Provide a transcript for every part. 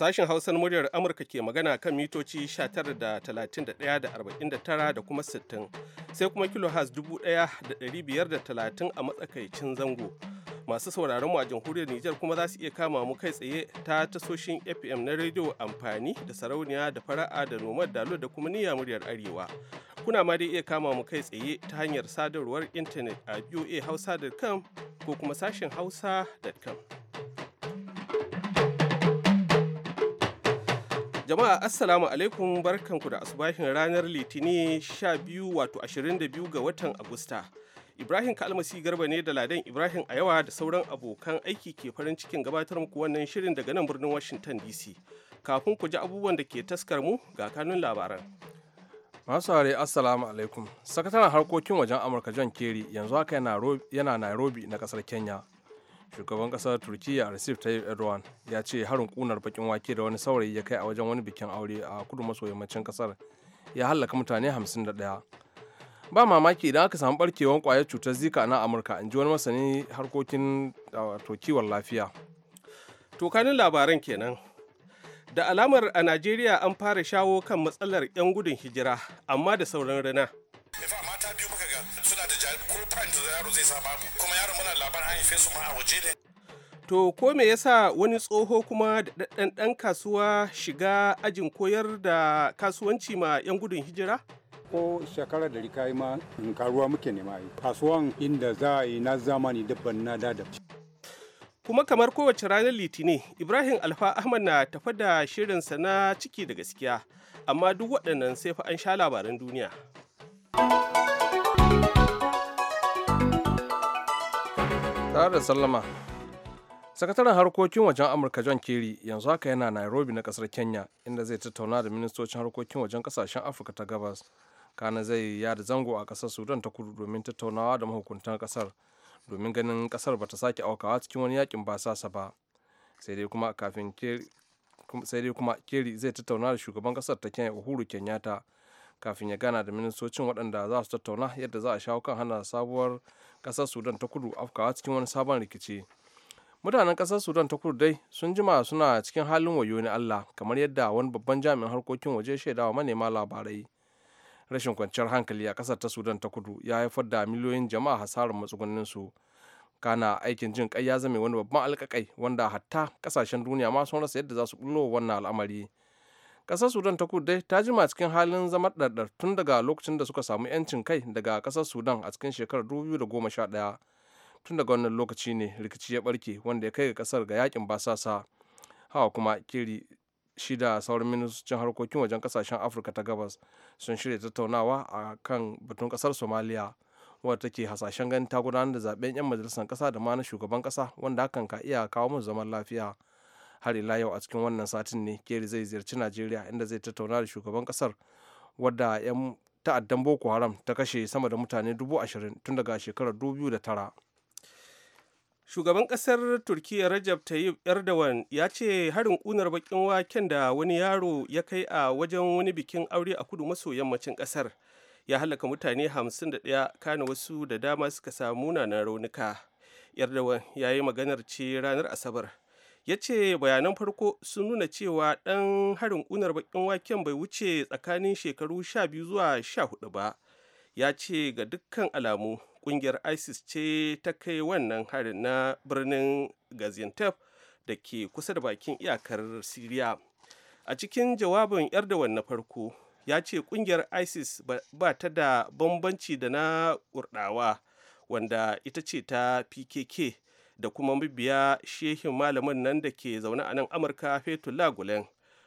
Sashen Hausar muryar Amurka ke magana kan mitoci 19 da da da kuma 60 sai kuma kilohertz 1530 a matsakaicin zango. Masu sauraron mu a jamhuriyar Nijar kuma za su iya kama mu kai tsaye ta tasoshin FM na rediyo amfani da sarauniya da fara'a da nomad dalo da kuma niyya muryar arewa. Kuna ma dai iya kama mu kai tsaye ta hanyar sadarwar intanet a voahausa.com ko kuma sashen hausa.com. Jama'a Assalamu alaikum barkanku da asubahin ranar Litini 12 wato 22 ga watan Agusta. Ibrahim Kalmasi Garba ne da Ladan Ibrahim a yawa da sauran abokan aiki ke farin cikin gabatar muku wannan shirin daga nan birnin Washington DC. Kafin ku ji abubuwan da ke taskar mu ga kanun labaran. Masu hare Assalamu alaikum. Sakataren harkokin wajen Amurka John Kerry yanzu haka yana Nairobi na kasar Kenya shugaban kasar turkiya recep tayyip erdogan ya ce harin kunar bakin wake da wani saurayi ya kai a wajen wani bikin aure a kudu maso yammacin kasar ya hallaka mutane 51 ba mamaki idan aka samu barkewar kwayar cutar zika na amurka in ji wani masani harkokin kiwon lafiya to labaran kenan da alamar a najeriya an fara shawo kan matsalar 'yan gudun hijira amma da sauran rana ga suna da ko zai sa To ko me yasa wani tsoho kuma da ɗan kasuwa shiga ajin koyar da kasuwanci ma 'yan gudun hijira? ko shekara da rika yi ma karuwa muke nema yi kasuwan inda za a yi na zamani dabban na dada kuma kamar kowace ranar litinin ibrahim alfa ahmad na tafa da shirinsa na ciki da gaskiya amma duk waɗannan sai fa an sha labaran duniya. tare da sallama sakataren harkokin wajen amurka john kerry yanzu haka yana nairobi na kasar kenya inda zai tattauna da ministocin harkokin wajen kasashen afirka ta gabas kana zai yada zango a kasar sudan ta kudu domin tattaunawa da mahukuntan kasar domin ganin kasar bata sake aukawa cikin wani yakin basasa ba sai dai kuma sai dai kuma keri zai tattauna da shugaban kasar ta kenya uhuru kenyatta kafin ya gana da ministocin waɗanda za su tattauna yadda za a shawo kan hana sabuwar ƙasar sudan ta kudu afkawa cikin wani sabon rikici mutanen ƙasar sudan ta kudu dai sun jima suna cikin halin wayo na allah kamar yadda wani babban jami'in harkokin waje shaidawa manema labarai rashin kwanciyar hankali a ƙasar ta sudan ta kudu ya haifar da miliyoyin jama'a hasarar matsugunnin su kana aikin jin kai ya zame wani babban alƙaƙai wanda hatta ƙasashen duniya ma sun rasa yadda za su bullo wannan al'amari kasar sudan ta kudu ta jima cikin halin zama ɗarɗar tun daga lokacin da suka samu 'yancin kai daga kasar sudan a cikin shekarar 2011 tun daga wannan lokaci ne rikici ya barke wanda ya kai ga kasar ga yakin basasa hawa kuma kiri shida da sauran ministocin harkokin wajen kasashen afirka ta gabas sun shirya tattaunawa a kan batun kasar somaliya wadda take hasashen ganin ta gudanar da zaben 'yan majalisar kasa da ma na shugaban kasa wanda hakan ka iya kawo mu zaman lafiya har ila yau a cikin wannan satin ne keri zai ziyarci najeriya inda zai tattauna da shugaban kasar wadda 'yan ta'addan boko haram ta kashe sama da mutane dubu ashirin tun daga shekarar dubu da tara shugaban kasar turkiya rajab tayyip erdogan ya ce harin kunar bakin waken da wani yaro ya kai a wajen wani bikin aure a kudu maso yammacin kasar ya halaka mutane 51 kana wasu da dama suka samu munanan raunuka erdogan ya yi maganar ce ranar asabar ya ce bayanan farko sun nuna cewa ɗan harin unar bakin waken bai wuce tsakanin shekaru 12 zuwa 14 ba ya ce ga dukkan alamu kungiyar isis ce ta kai wannan harin na birnin gaziantep da ke kusa da bakin iyakar syria a cikin jawabin erdogan na farko ya ce ƙungiyar isis ba ta da bambanci da na kurdawa wanda ita ce ta pkk da kuma mabiya shehin malamin nan da ke zaune a nan amurka fetur lagulen,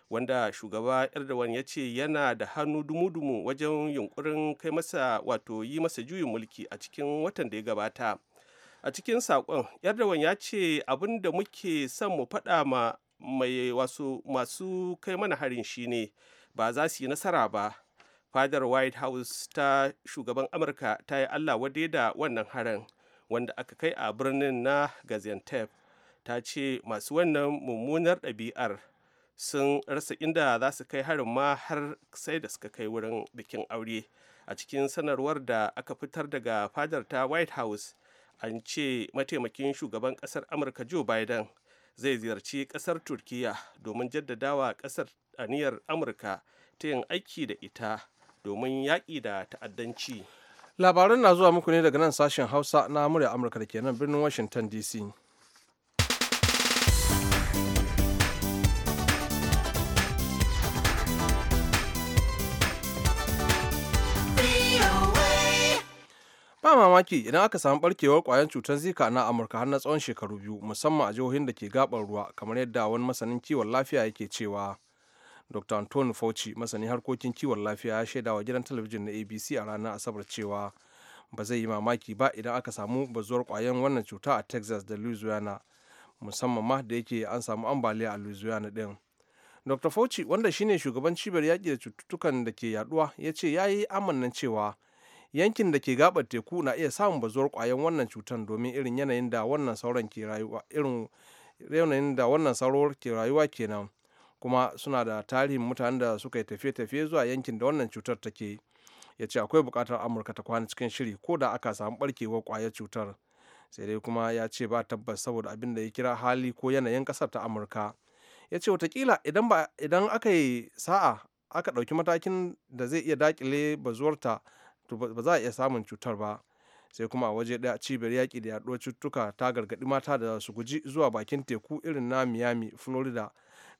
wanda shugaba erdogan ya ce yana da hannu dumu-dumu wajen yunkurin kai masa wato yi masa juyin mulki a cikin watan da ya gabata a cikin saƙon erdogan ya ce abin da muke son mu faɗa ma mai wasu masu kai mana harin shine ba za su yi nasara ba fadar white house ta shugaban amurka ta yi allah wade da wannan harin wanda aka kai a birnin na gaziantep ta ce masu wannan mummunar ɗabi'ar sun rasa inda za su kai harin ma har sai da suka kai wurin bikin aure a cikin sanarwar da aka fitar daga fadar ta white house an ce mataimakin shugaban kasar amurka joe biden zai ziyarci kasar turkiya domin jaddadawa kasar aniyar amurka ta yin aiki da ita domin yaƙi da ta'addanci labaran na zuwa muku ne daga nan sashen hausa na murya amurka da ke nan birnin washington dc ba mamaki idan aka samu barkewar kwayan cutar zika na amurka har na tsawon shekaru biyu musamman a jihohin da ke gabar ruwa kamar yadda wani masanin kiwon lafiya yake cewa dr anton fauci masanin harkokin kiwon lafiya ya shaidawa gidan talabijin na abc a ranar asabar cewa ba zai yi mamaki ba idan aka samu bazuwar kwayan wannan cuta a texas da louisiana musamman ma da yake an samu ambaliya a louisiana din dr fauci wanda shine shugaban cibiyar yaƙi da cututtukan da ke yaduwa ya ce ya yi amannan cewa yankin da ke gabar teku na iya samun bazuwar kwayan wannan cutar domin irin yanayin da wannan sauran ke rayuwa kenan kuma suna da tarihin mutanen da suka yi tafiye-tafiye zuwa yankin da wannan cutar take ya ce akwai bukatar amurka ta kwana cikin shiri ko da aka samu barkewar ƙwayar cutar sai dai kuma ya ce ba tabbas saboda abin da ya kira hali ko yanayin kasar ta amurka ya ce watakila idan aka yi sa'a aka ɗauki matakin da zai iya dakile bazuwarta to ba za a iya samun cutar ba sai kuma a waje ɗaya cibiyar yaƙi da yaɗuwar cututtuka ta gargaɗi mata da su guji zuwa bakin teku irin na miami florida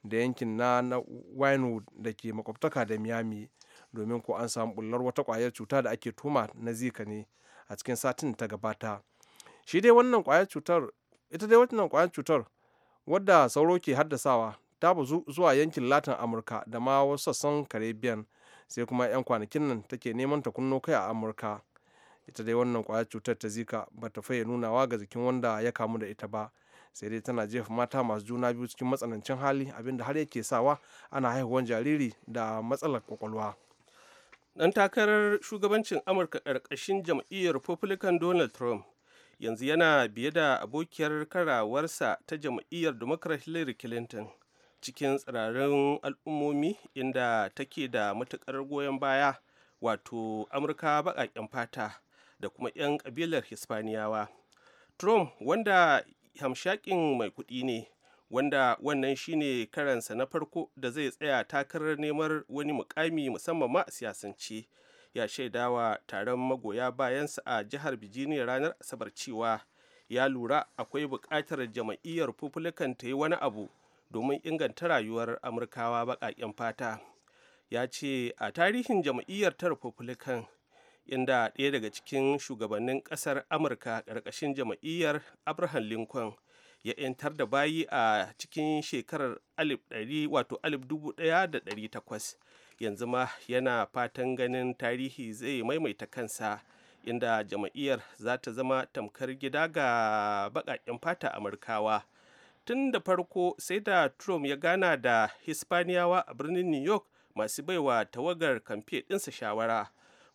da yankin na na winewood da ke makwabtaka da miami domin ko an samu bullar wata kwayar cuta da ake tuma na zika ne a cikin satin ta gabata shi dai wannan kwayar cutar ita dai wannan kwayar cutar wadda sauro ke haddasawa ta bazu zuwa yankin latin amurka da ma wasu sassan caribbean sai kuma 'yan kwanakin nan take neman ta kunno kai a amurka ita dai wannan kwayar cutar ta zika ba ta faye nunawa ga jikin wanda ya kamu da ita ba sai dai tana jefa mata masu juna biyu cikin matsanancin hali abinda har yake sawa ana haihuwan jariri da matsalar kwakwalwa dan takarar shugabancin amurka ƙarƙashin jam'iyyar republican donald trump yanzu yana biye da abokiyar karawarsa ta jam'iyyar democrat hillary clinton cikin tsirarin al'ummomi inda take da matukar goyon baya wato amurka baƙaƙen fata da kuma 'yan ƙabilar hispaniyawa trump wanda hamshakin mai kuɗi ne wanda wannan shine karansa na farko da zai tsaya takarar neman wani mukami musamman ma siyasance ya shaidawa taron magoya bayansa a jihar bijini ranar asabar cewa ya lura akwai buƙatar jama'iyyar republican ta yi wani abu domin inganta rayuwar amurkawa baƙaƙen fata ya ce a tarihin jama'iyyar ta republican inda ɗaya daga cikin shugabannin ƙasar amurka ƙarƙashin jama'iyyar abraham lincoln ya 'yantar da bayi a cikin shekarar 1800 yanzu ma yana fatan ganin tarihi zai maimaita kansa inda jama'iyyar za ta zama tamkar gida ga baƙaƙen fata amurkawa tun da farko sai da trump ya gana da hispaniyawa a birnin new york masu baiwa tawagar kamfe ɗinsa shawara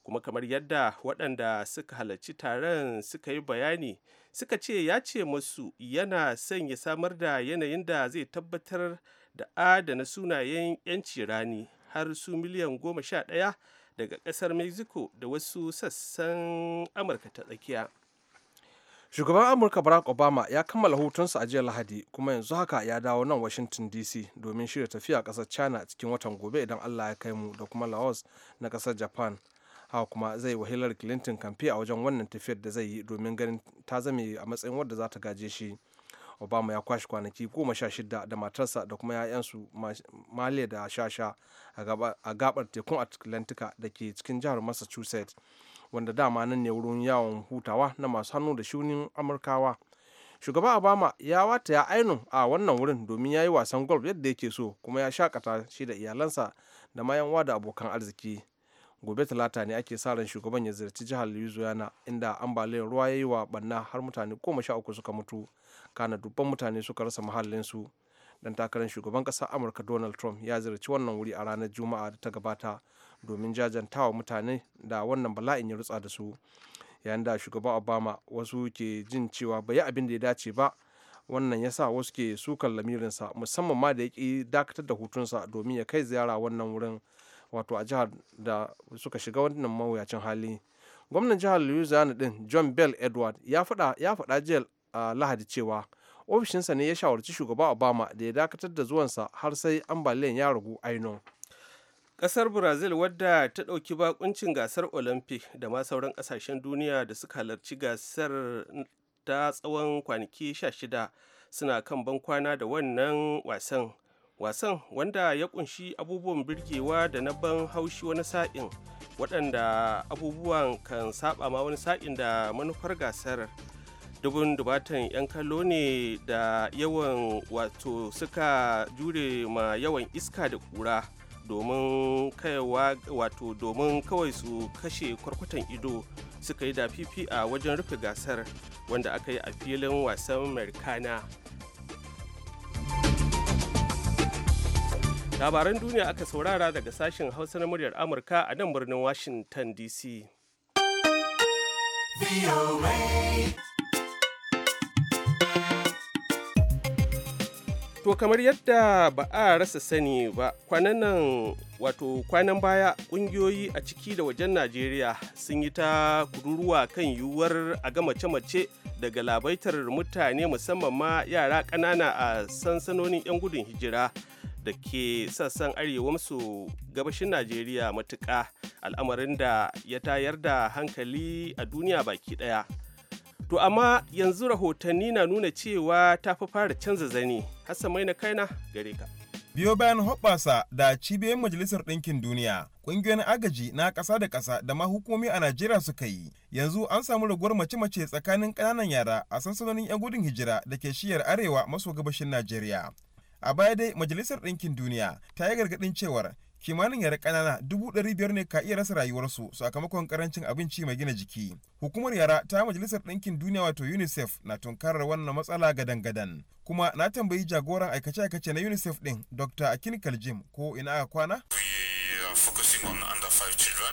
kuma kamar yadda waɗanda suka halarci taron suka yi bayani suka ce ya ce masu yana sanya samar da yanayin da zai tabbatar da adana sunayen 'yanci rani har su miliyan goma sha ɗaya daga ƙasar mexico da wasu sassan amurka ta tsakiya shugaban amurka barack obama ya kammala hutunsa a jiya lahadi kuma yanzu haka ya dawo nan washington dc domin shirya tafiya ƙasar china cikin watan gobe idan allah ya kai mu da kuma laos na ƙasar japan haka kuma zai wa hillary clinton kamfe a wajen wannan tafiyar da zai yi domin ganin ta zame a matsayin wadda za ta gaje shi obama ya kwashe kwanaki goma sha shida da matarsa da kuma 'ya'yansu maliya da shasha a gabar tekun atlantika da ke cikin jihar massachusetts wanda dama nan ne wurin yawon hutawa na masu hannu da shunin amurkawa shugaba obama ya wata ya ainu a wannan wurin domin ya yi wasan golf yadda yake so kuma ya shakata shi da iyalansa da mayanwa da abokan arziki gobe talata ne ake sa ran shugaban ya ziyarci jihar louisiana inda ambaliyar ruwa ya yi wa banna har mutane goma sha uku suka mutu kana dubban mutane suka rasa mahallinsu dan takarar shugaban ƙasar amurka donald trump ya ziyarci wannan wuri a ranar juma'a da ta gabata domin jajantawa mutane da wannan bala'in ya rutsa da su yayin da shugaban obama wasu ke jin cewa bai yi abin da ya dace ba wannan ya sa wasu ke sukan lamirinsa musamman ma da ya dakatar da hutunsa domin ya kai ziyara wannan wurin wato a jihar da suka shiga wannan mawuyacin hali gwamnan jihar louisiana din john bell edward ya faɗa jiya a lahadi cewa ofishinsa ne ya shawarci shugaba obama da ya dakatar da zuwansa har sai ambaliyan ya ragu ainihin kasar brazil wadda ta ɗauki bakuncin gasar olympic da ma sauran ƙasashen duniya da suka halarci gasar ta tsawon kwanaki 16 suna kan ban kwana da wannan wasan wasan wanda ya kunshi abubuwan birgewa da na ban haushi wani sa'in waɗanda abubuwan kan saba ma wani sa'in da manufar gasar dubun dubatan 'yan kallo ne da yawan wato suka jure ma yawan iska da kura domin kaiwa wato domin kawai su kashe kwarkwatan ido suka yi da fifi a wajen rufe gasar wanda aka yi a filin wasan americana labaran duniya aka saurara daga sashen hausa na muryar amurka a nan birnin washington dc To kamar yadda ba a rasa sani ba kwanan nan wato kwanan baya kungiyoyi a ciki da wajen Najeriya sun yi ta kururuwa kan yiwuwar a ga mace-mace daga labaitar mutane musamman ma yara ƙanana a sansanonin 'yan gudun hijira da ke sassan arewa maso gabashin najeriya matuka al'amarin da ya tayar da hankali a duniya baki ɗaya to amma yanzu rahotanni na nuna cewa ta fi fara canza zane hassan mai na kaina gare ka biyo bayan hoɓɓasa da cibiyar majalisar ɗinkin duniya ƙungiyoyin agaji na ƙasa da ƙasa da ma hukumomi a najeriya suka yi yanzu an samu raguwar mace-mace tsakanin ƙananan yara a sansanonin 'yan gudun hijira da ke shiyar arewa maso gabashin najeriya a baya dai majalisar ɗinkin duniya ta yi gargaɗin cewar kimanin yara ƙanana dubu ɗari biyar ne ka iya rasa rayuwarsu sakamakon karancin abinci mai gina jiki hukumar yara ta majalisar ɗinkin duniya wato unicef na tunkarar wannan matsala gadan-gadan kuma na tambayi jagoran aikace-aikace na unicef ɗin dr akin kaljim ko ina aka kwana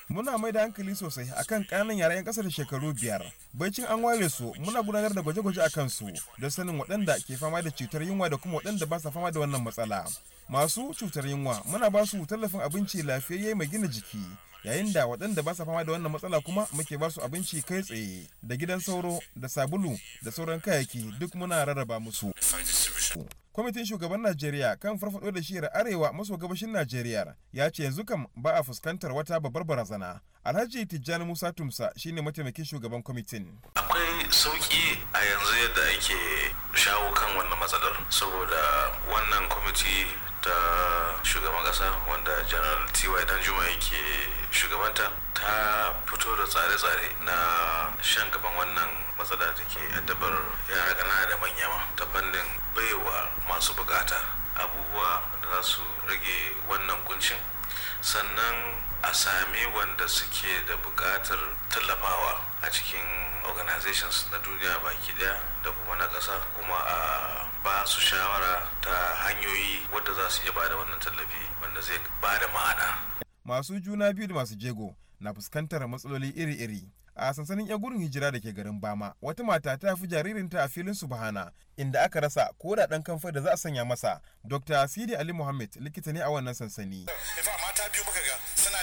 muna mai da hankali sosai akan kanan yara 'yan ƙasa da shekaru biyar baicin an ware su muna gudanar da gwaje-gwaje a kansu da sanin waɗanda ke fama da cutar yunwa da kuma waɗanda ba sa fama da wannan matsala masu cutar yunwa muna ba su tallafin abinci lafiyayye mai gina jiki yayin da waɗanda ba sa fama da wannan matsala kuma muke ba su abinci kai tsaye da gidan sauro da sabulu da sauran kayayyaki duk muna rarraba musu kwamitin shugaban najeriya kan farfado da shiyar arewa maso gabashin najeriya ya ce yanzu kam ba a fuskantar wata babbar barazana alhaji tijjani musa tumsa shine mataimakin shugaban kwamitin akwai sauki a yanzu yadda ake shawo kan wannan matsalar saboda wannan kwamiti ta shugaban kasa wanda general ty danjuma yake shugabanta ta fito da tsare-tsare na shan gaban wannan matsala da ke addabar yara ƙanana da manya ma ta fannin baiwa masu bukata abubuwa da za su rage wannan kuncin sannan a sami wanda suke da bukatar tallafawa a cikin organizations na duniya baki daya da kuma na kasa kuma a ba su shawara ta hanyoyi wadda za su iya ba da wannan tallafi wanda zai ba da ma'ana. Masu juna biyu da masu jego na fuskantar matsaloli iri-iri. A sansanin 'yan gudun hijira da ke garin Bama, wata mata ta fi jaririnta a filin su bahana inda aka rasa ko da ɗan kamfa da za a sanya masa. Dr. Sidi Ali Muhammad likita ne a wannan sansani.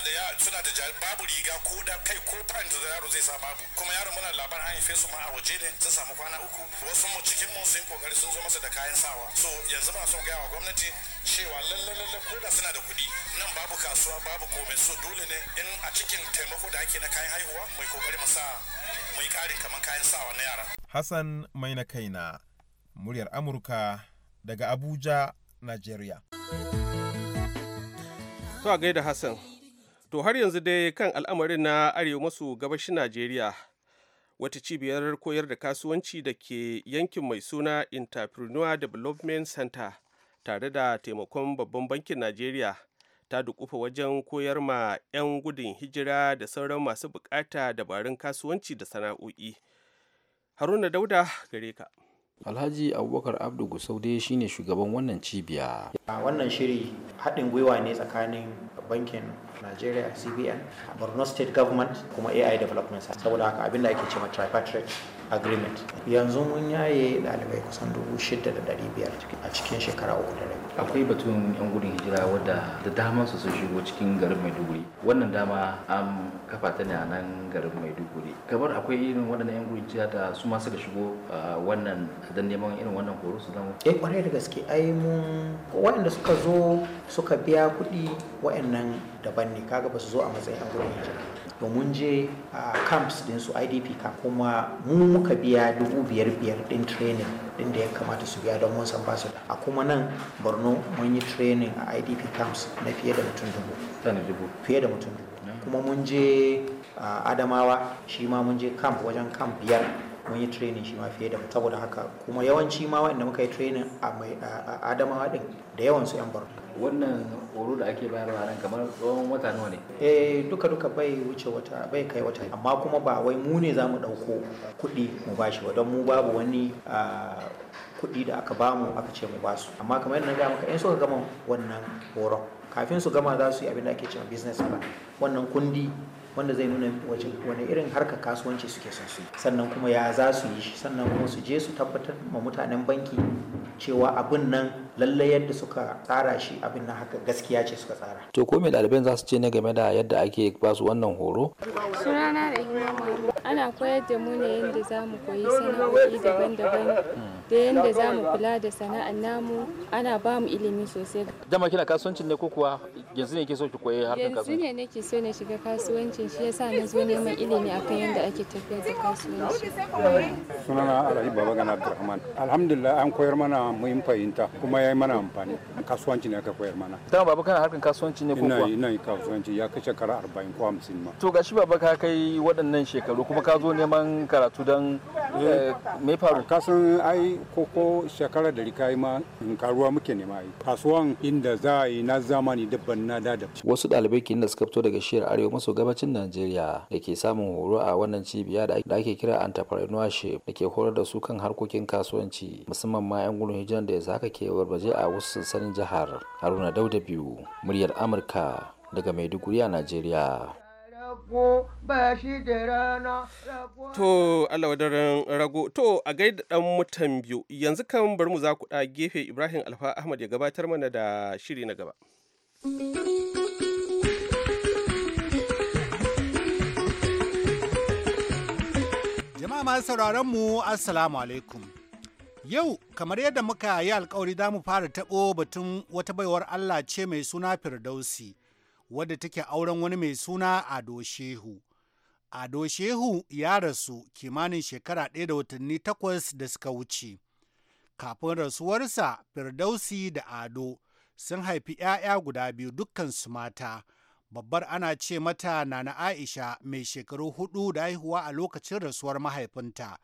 da suna da babu riga ko da kai ko pant da yaro zai sa babu kuma yaron muna labarin an haife su ma a waje ne sun samu kwana uku wasu mu cikin mu sun kokari sun zo masa da kayan sawa so yanzu ba son gaya wa gwamnati cewa lalle lalle ko da suna da kuɗi nan babu kasuwa babu komai so dole ne in a cikin taimako da ake na kayan haihuwa mai kokari mu sa mai karin kamar kayan sawa na yara Hassan mai na kaina muryar Amurka daga Abuja Nigeria To a gaida Hassan To har yanzu dai kan al'amarin na arewa maso gabashin Najeriya wata cibiyar koyar da kasuwanci da ke yankin mai suna Entrepreneur Development Center tare da taimakon babban bankin Najeriya ta dukufa wajen koyar ma 'yan gudun hijira da sauran masu bukata dabarun kasuwanci da sana'o'i. Haruna Dauda gare ka. alhaji abubakar abdu gusau dai shine shugaban wannan cibiya a wannan shiri haɗin gwiwa ne tsakanin bankin nigeria cbn borno state government kuma ai development saboda haka abinda ake ma tripartite agreement yanzu mun yaye dalibai kusan dubu shida da dari biyar a cikin shekara uku da rabi akwai batun yan gudun hijira wadda da daman su sun shigo cikin garin maiduguri wannan dama an kafa ta ne a nan garin maiduguri kamar akwai irin waɗannan yan gudun hijira da su ma suka shigo wannan don neman irin wannan horo su zama eh kwarai da gaske ai mun waɗanda suka zo suka biya kuɗi waɗannan daban ne kaga ba su zo a matsayin yan gudun hijira to mun je a camps din su idp ka kuma mu muka biya dubu biyar biyar din training din da ya kamata su biya don mun san basu a kuma nan borno mun yi training a idp camps na fiye da mutum dubu fiye da mutum dubu kuma mun je adamawa shi ma mun je camp wajen camp biyar mun yi training shi ma fiye da saboda haka kuma yawanci ma waɗanda muka yi training a adamawa din da yawan su yan borno wannan horo da ake bayarwa nan kamar tsawon wata nawa ne eh duka duka bai wuce wata bai kai wata amma kuma ba wai mu ne za mu ɗauko kuɗi mu bashi ba don mu babu wani kuɗi da aka bamu aka ce mu basu amma kamar yadda na gaya maka in suka gama wannan horon kafin su gama za su yi abin da ake cewa business plan wannan kundi wanda zai nuna wani irin harkar kasuwanci suke son su sannan kuma ya za su yi shi sannan kuma su je su tabbatar ma mutanen banki cewa abin nan Lallai yadda suka tsara shi abin na haka gaskiya ce suka tsara to ko me ɗaliban za su ce ne game da yadda ake ba su wannan horo sunana da ana koyar da mu ne yadda za mu koyi sana'o'i daban-daban da yadda za mu kula da sana'ar namu ana ba mu ilimi sosai dama kina kasuwancin ne ko kuwa yanzu ne ke so ki koyi harkar kasuwanci yanzu ne nake so na shiga kasuwancin shi yasa na zo neman ilimi akan yadda ake tafiyar da kasuwanci sunana alhaji baba gana abdurrahman alhamdulillah an koyar mana muhim fahimta kuma ya yi mana amfani kasuwanci ne aka koyar mana dama baba kana harkan kasuwanci ne ko kuwa ina yi kasuwanci ya kai shekara arba'in ko 50 ma to gashi baba ka kai waɗannan shekaru kuma ka zo neman karatu don eh, eh, me faru kasan ai koko shekara da rika ma karuwa muke nema ai kasuwan inda za a yi na zamani dabban na da wasu dalibai kin da suka fito daga shiyar arewa maso gabacin najeriya da ke samun horo a wannan cibiya da ake kira entrepreneurship da ke horar da su kan harkokin kasuwanci musamman ma 'yan gudun hijiran da ya zaka kewar gwaje a wasu sansanin jihar haruna dauda biyu muryar amurka daga maiduguri a najeriya To Allah wadarin rago to a gaida dan mutan biyu yanzu kan bari mu za ku da gefe Ibrahim Alfa Ahmad ya gabatar mana da shiri na gaba. Jama'a masu sauraron mu Assalamu alaikum. Yau, kamar yadda muka yi alkawari za mu fara taɓo batun wata baiwar Allah ce mai suna Firdausi, wadda take auren wani mai suna Ado Shehu. Ado Shehu ya rasu kimanin shekara ɗaya da watanni takwas da suka wuce. Kafin rasuwarsa, Firdausi da Ado sun haifi ‘ya'ya guda biyu dukkansu mata. Babbar ana ce mata na Aisha mai shekaru huɗu da haihuwa a lokacin rasuwar mahaifinta.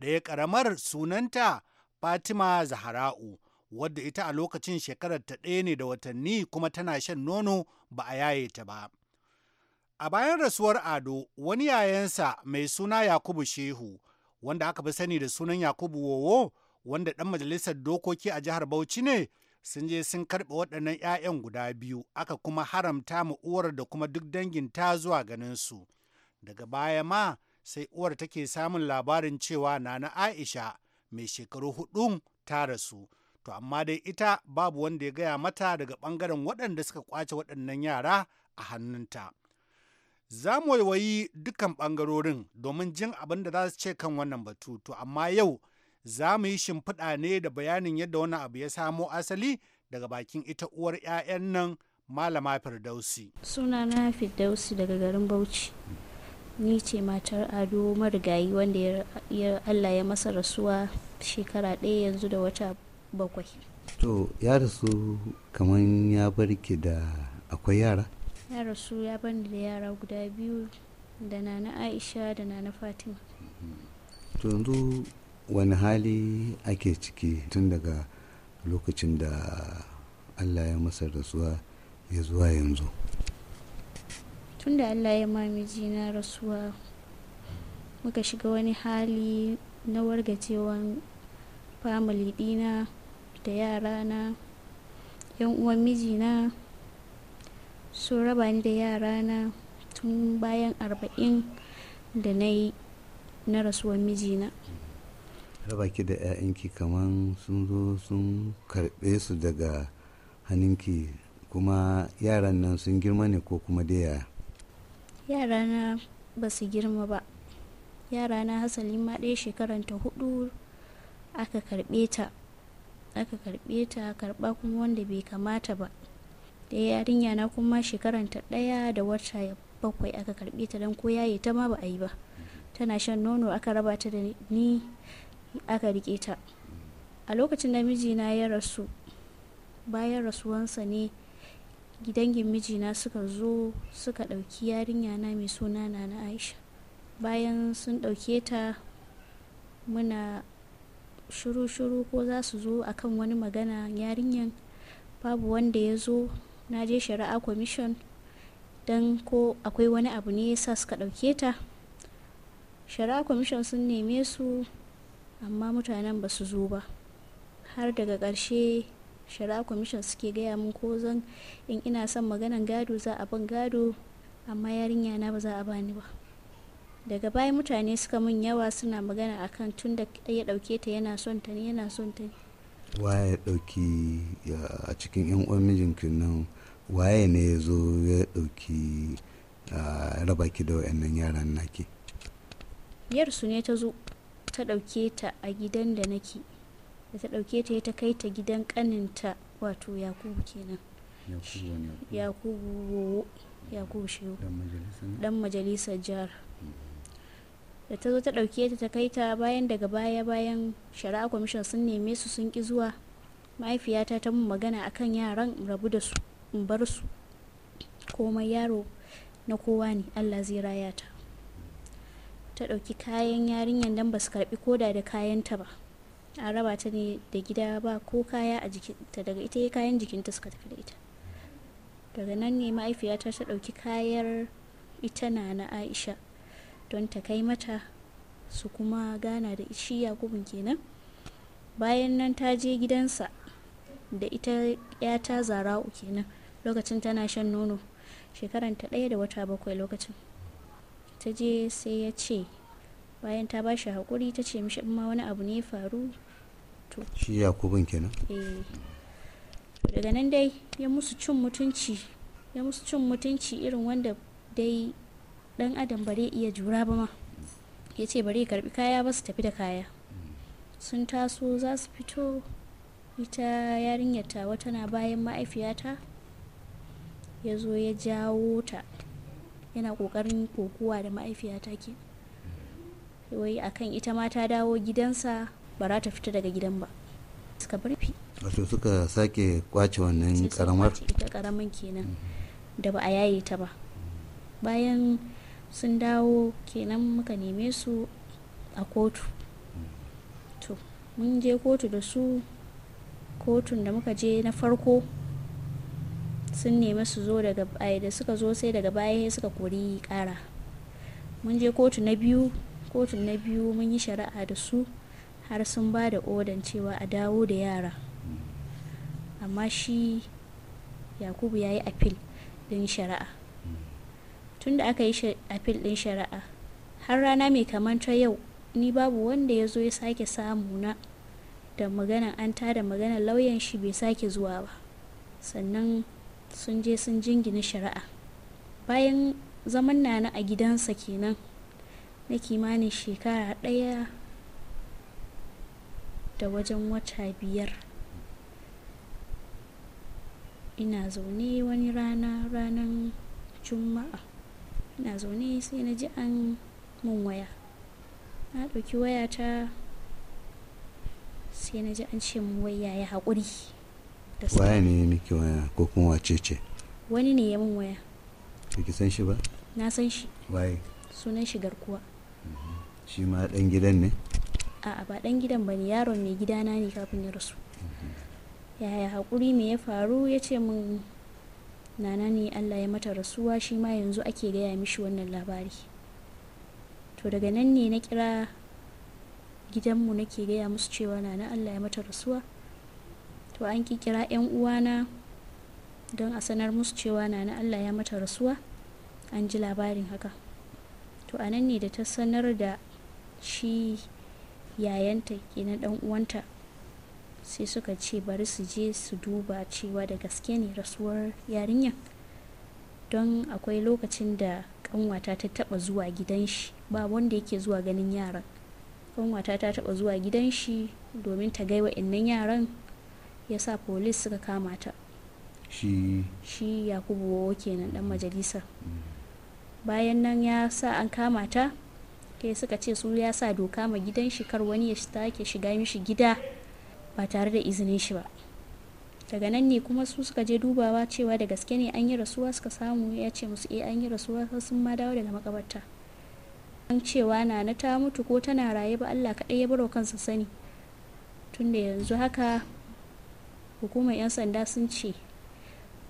Ɗaya ƙaramar sunanta Fatima Zahra'u wadda ita a lokacin shekarar ta ɗaya ne da watanni kuma tana shan nono ba a yaye ta ba. A bayan rasuwar Ado, wani yayansa mai suna Yakubu Shehu, wanda aka fi sani da sunan Yakubu Wowo, wanda ɗan majalisar dokoki a jihar Bauchi ne, sun je sun karɓe waɗannan 'ya'yan guda biyu, aka kuma haramta ma uwar da kuma duk dangin ta zuwa ganin su. Daga baya ma sai uwar take samun labarin cewa Nana Aisha mai shekaru hudu ta rasu. To amma dai ita babu wanda ya gaya mata daga bangaren waɗanda suka kwace waɗannan yara a hannunta. Za mu waiwayi dukan bangarorin domin jin abin da za su ce kan wannan batu. To amma yau za mu yi shimfiɗa ne da bayanin yadda wani abu ya samo asali daga bakin ita uwar 'ya'yan nan malama firdausi suna na firdausi daga garin bauchi ni ce matar ado marigayi wanda allah ya masa rasuwa shekara ɗaya yanzu da wata bakwai to ya rasu kaman ya bar da akwai yara ya rasu ya bar da yara guda biyu da na aisha da na fatima mm-hmm. to yanzu wani hali ake ciki tun daga lokacin da allah ya masa rasuwa ya zuwa yanzu tun da allah ya mamiji na rasuwa muka shiga wani hali na wargacewan famili dina da yarana yan uwan mijina sun raba ni da yara na tun bayan arba'in da na yi na rasuwan mijina raba ki da 'ya'yanki kaman sun zo sun karbe su daga hannunki kuma yaran nan sun girma ne ko kuma da yaya yarana ba su girma ba yara na hasali ma ɗaya shekaran ta hudu aka karɓe ta aka karɓe ta karɓa kuma wanda bai kamata ba da yarinya na kuma shekaran ta ɗaya da wata bakwai aka karɓe ta don ko yaye ta ma ba a yi ba tana shan nono aka raba ta da ni aka rike ta a lokacin da mijina ya rasu bayan rasuwansa ne gidangin mijina suka zo suka ɗauki yarinya na mai suna na aisha bayan sun ɗauke ta muna shuru-shuru ko za su zo akan wani magana yarinyan babu wanda ya zo na je shari'a commission don ko akwai wani abu ne yasa suka ɗauke ta shari'a commission sun neme su amma mutanen ba su zo ba har daga ƙarshe shari'a commission suke gaya mun ko zan in ina son maganan gado za a ban gado amma yarinya na ba za a bani ba daga baya mutane suka mun yawa suna magana akan tun da ya dauke ta yana son ta ne yana son ta ne waye ya dauki a cikin yan uwan mijinkin nan waye ne ya zo ya dauki raba ki da wayannan yaran naki yar su ne ta zo ta dauke ta a gidan da nake da ta dauke ta ya ta kai ta gidan kaninta wato yakubu kenan yakubu yakubu shehu dan majalisar jihar da ta zo ta ɗauke ta ta kai ta bayan daga baya bayan shari'a kwamishin sun neme su sun ki zuwa mahaifiyata ta mun magana akan yaran rabu da su in bar su komai yaro na kowa ne allah zai raya ta ta ɗauki kayan yarinyar dan ba su karɓi koda da kayan ta ba an raba ta ne da gida ba ko kaya a jikinta daga ita ya kayan jikinta suka tafi da ita daga nan ne mahaifiyata ta ɗauki kayar ita na na aisha don ta kai mata su kuma gana da shi yakubun kenan bayan nan ta je gidansa da ita ya yata zara'u kenan lokacin tana shan nono ta ɗaya da wata bakwai lokacin ta je sai ya ce bayan ta bashi haƙuri ta ce mishi ma wani abu ne faru to shi yakubun kenan eh. daga nan dai ya musu cin mutunci irin wanda dai dan adam bare iya jura ba ma ya ce bare karbi kaya ba su tafi da kaya sun taso za su fito ita yarinyar tawa tana bayan ma'aifiyata ya zo ya jawo ta yana kokarin kokuwa da ma'aifiyata ke wai akan ita ma dawo gidansa ba za ta fita daga gidan ba suka barfi wato suka sake kwace wannan karamar ita karamin kenan da ba a yaye ta ba bayan sun dawo kenan muka neme su a kotu to mun je kotu da su kotun da muka je na farko sun neme su zo daga baya da suka zo sai daga baya suka kori kara mun je kotu na biyu kotun na biyu mun yi shari'a da su har sun ba da odan cewa a dawo da yara amma shi yakubu ya yi apil din shari'a tun da aka yi afil ɗin shari'a har rana mai kamanta yau ni babu wanda ya zo ya sake samu na da maganan an tada maganar lauyan shi bai sake zuwa ba sannan sun je sun jingina shari'a bayan zaman nana a gidansa kenan na kimanin shekara ɗaya da wajen wata biyar ina zaune wani rana ranar juma'a na zaune sai na ji an mun waya na ɗauki wayata sai na ji an ce mun waya ya haƙuri waya ne ya miki waya ko kuma wace ce wani ne ya mun waya ki san shi ba na san shi waye sunan shi garkuwa mhm. shi ma ɗan gidan ne a'a ba ɗan gidan ba ne yaron mai gidana ne kafin ya rasu mhm. yaya haƙuri me ya faru ya ce mun nana ne allah ya mata rasuwa shi ma yanzu ake gaya mishi wannan labari to daga nan ne na kira gidanmu nake gaya musu cewa nana allah ya mata rasuwa to an ki kira 'yan uwana don a sanar musu cewa nana allah ya mata rasuwa an ji labarin haka to a nan ne da ta sanar da shi yayanta kenan dan uwanta sai suka ce bari su je su duba cewa da gaske ne rasuwar yarinya? don akwai lokacin da kanwata ta taba zuwa gidan shi ba wanda yake zuwa ganin yaran kanwata ta taba zuwa gidan shi domin ta gaiwa innan yaran ya sa polis suka kama ta shi shi yakubu kenan dan mm. majalisa mm. bayan nan ya sa an kama ta kai suka ce su ya sa doka ma gidan shi kar wani ya sake shiga mishi gida ba tare da izinin shi ba daga nan ne kuma su suka je dubawa cewa da gaske ne an yi rasuwa suka samu ya ce musu eh an yi rasuwa sun ma dawo daga makabarta an cewa na ta mutu ko tana raye ba Allah kaɗai ya baro kansa sani tunda yanzu haka hukumar 'yan sanda sun ce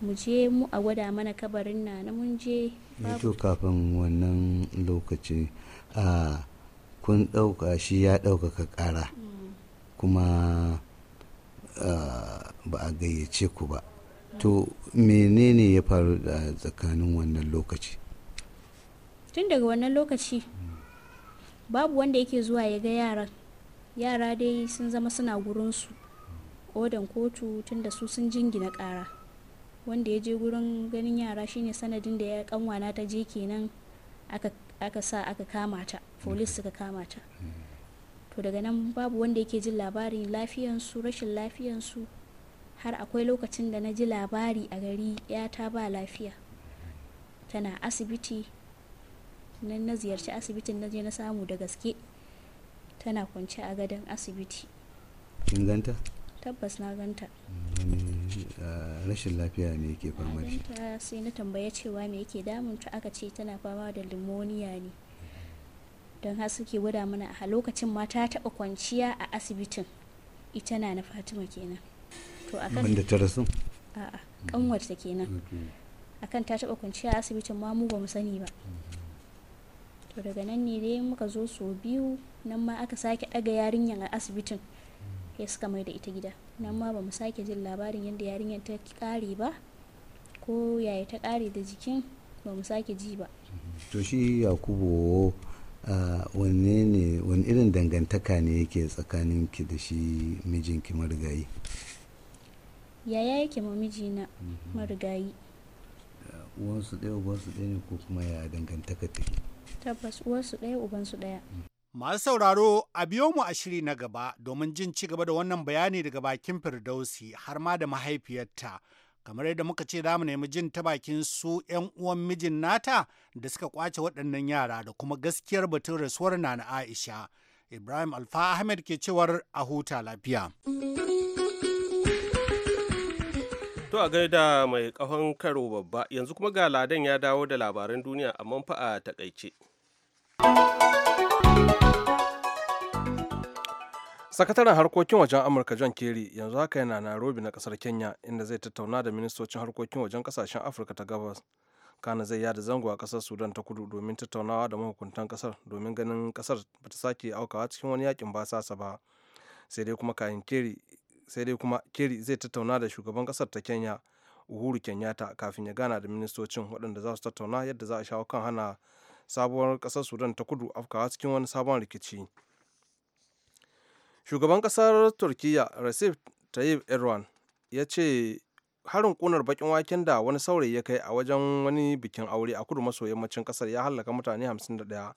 mu je mu a gwada mana kabarin na na mun je eh to kafin wannan lokaci a ah, kun ɗauka shi ya ɗaukaka ƙara mm. kuma ba a gayyace ku ba to menene ya faru da tsakanin wannan lokaci tun daga wannan lokaci babu wanda yake zuwa ya ga yara yara dai sun zama suna gurinsu odan kotu tun da su sun jingina kara wanda ya je gurin ganin yara shine sanadin da ya kanwana ta je kenan aka sa aka kama ta polis suka kama ta mm. to daga nan babu wanda yake jin labarin lafiyansu rashin lafiyansu har akwai lokacin da na ji labari a gari yata ba lafiya tana asibiti nan na ziyarci asibitin na je na samu da gaske tana kwance a gadon asibiti kin ganta tabbas na ganta ah, rashin lafiya ne yake fama da shi sai na tambaya cewa me yake damunta aka ce tana fama da limoniya ne don har suke gwada mana a lokacin ma ta taɓa kwanciya a asibitin ita na na fatima kenan to a kan ta rasu a'a kanwarta kenan akan ta taba kwanciya a asibitin ma mu ba mu sani ba to daga nan ne dai muka zo so biyu nan ma aka sake daga yarinyar a asibitin ya suka mai da ita gida nan ma ba mu sake jin labarin yadda yarinyar ta kare ba ko yaya ta ƙare da jikin ba mu sake ji ba to shi yakubu wanne ne wani irin dangantaka ne yake tsakanin ki da shi mijinki marigayi yaya yake ma mijina marigayi mm-hmm. uwansu ɗaya ubansu ɗaya ne ko kuma ya dangantaka take tabbas uwansu ɗaya ubansu ɗaya mm-hmm. masu sauraro a biyo mu a shiri na gaba domin jin ci gaba da wannan bayani daga bakin firdausi har ma da mahaifiyarta kamar yadda muka ce zamu nemi jin ta bakin su 'yan uwan mijin nata da suka kwace waɗannan yara da kuma gaskiyar batun rasuwar na aisha ibrahim alfa ahmed ke cewar a huta lafiya to a gaida mai kahon karo babba yanzu kuma ga ladan ya dawo da labaran duniya amma fa a takaice. sakataren harkokin wajen amurka john kerry yanzu haka yana nairobi na kasar kenya inda zai tattauna da ministocin harkokin wajen kasashen afirka ta gabas kana zai yada zango a kasar sudan ta kudu domin tattaunawa da mahukuntan kasar domin ganin kasar ba ta sake aukawa cikin wani yakin basasa ba sai dai kuma kayan sai dai kuma kerry zai tattauna da shugaban kasar ta kenya uhuru kenyatta kafin ya gana da ministocin waɗanda za su tattauna yadda za a shawo kan hana sabuwar kasar sudan ta kudu afkawa cikin wani sabon rikici shugaban kasar turkiyya recep tayyip erdogan ya ce harin kunar bakin waken da wani saurayi ya kai a wajen wani bikin aure a kudu maso yammacin kasar ya hallaka mutane 51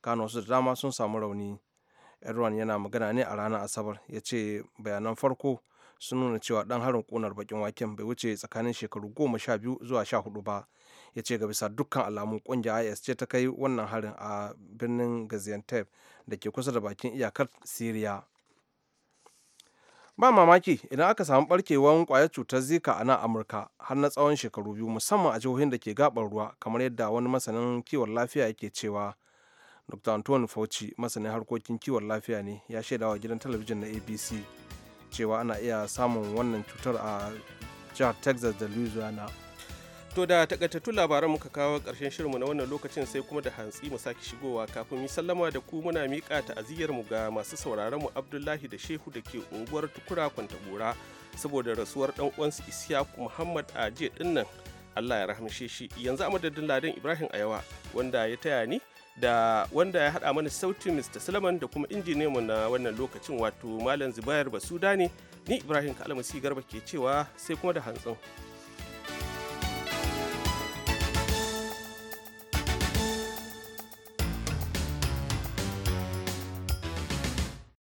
kano su da dama sun samu rauni erdogan yana magana ne a ranar asabar ya ce bayanan farko sun nuna cewa dan harin kunar bakin waken bai wuce tsakanin shekaru goma sha biyu zuwa sha hudu ba ya ce ga bisa dukkan alamun kungiya is ce ta kai wannan harin a birnin gaziantep da ke kusa da bakin iyakar syria ba mamaki idan aka samu barkewar kwayar cutar zika a nan amurka har na tsawon shekaru biyu musamman a jihohin da ke gabar ruwa kamar yadda wani masanin kiwon lafiya yake cewa dr antoine fauci masanin harkokin kiwon lafiya ne ya shaida wa gidan talabijin na abc cewa ana iya samun wannan cutar a jihar texas da louisiana To da takaitattun labaran muka kawo ƙarshen shirinmu na wannan lokacin sai kuma da hantsi mu sake shigowa kafin mu sallama da ku muna miƙa ta'aziyyarmu mu ga masu sauraron mu Abdullahi da Shehu da ke unguwar Tukura Kwantagora saboda rasuwar dan uwansu Isiyaku Muhammad a jiya dinnan. Allah ya rahamshe shi. Yanzu a madadin Ladan Ibrahim Ayawa wanda ya taya ni da wanda ya haɗa mana sautin Mr. Sulaiman da kuma mu na wannan lokacin wato Malam Zubair Basuda ne. Ni Ibrahim Kalamusi Garba ke cewa sai kuma da hantsin.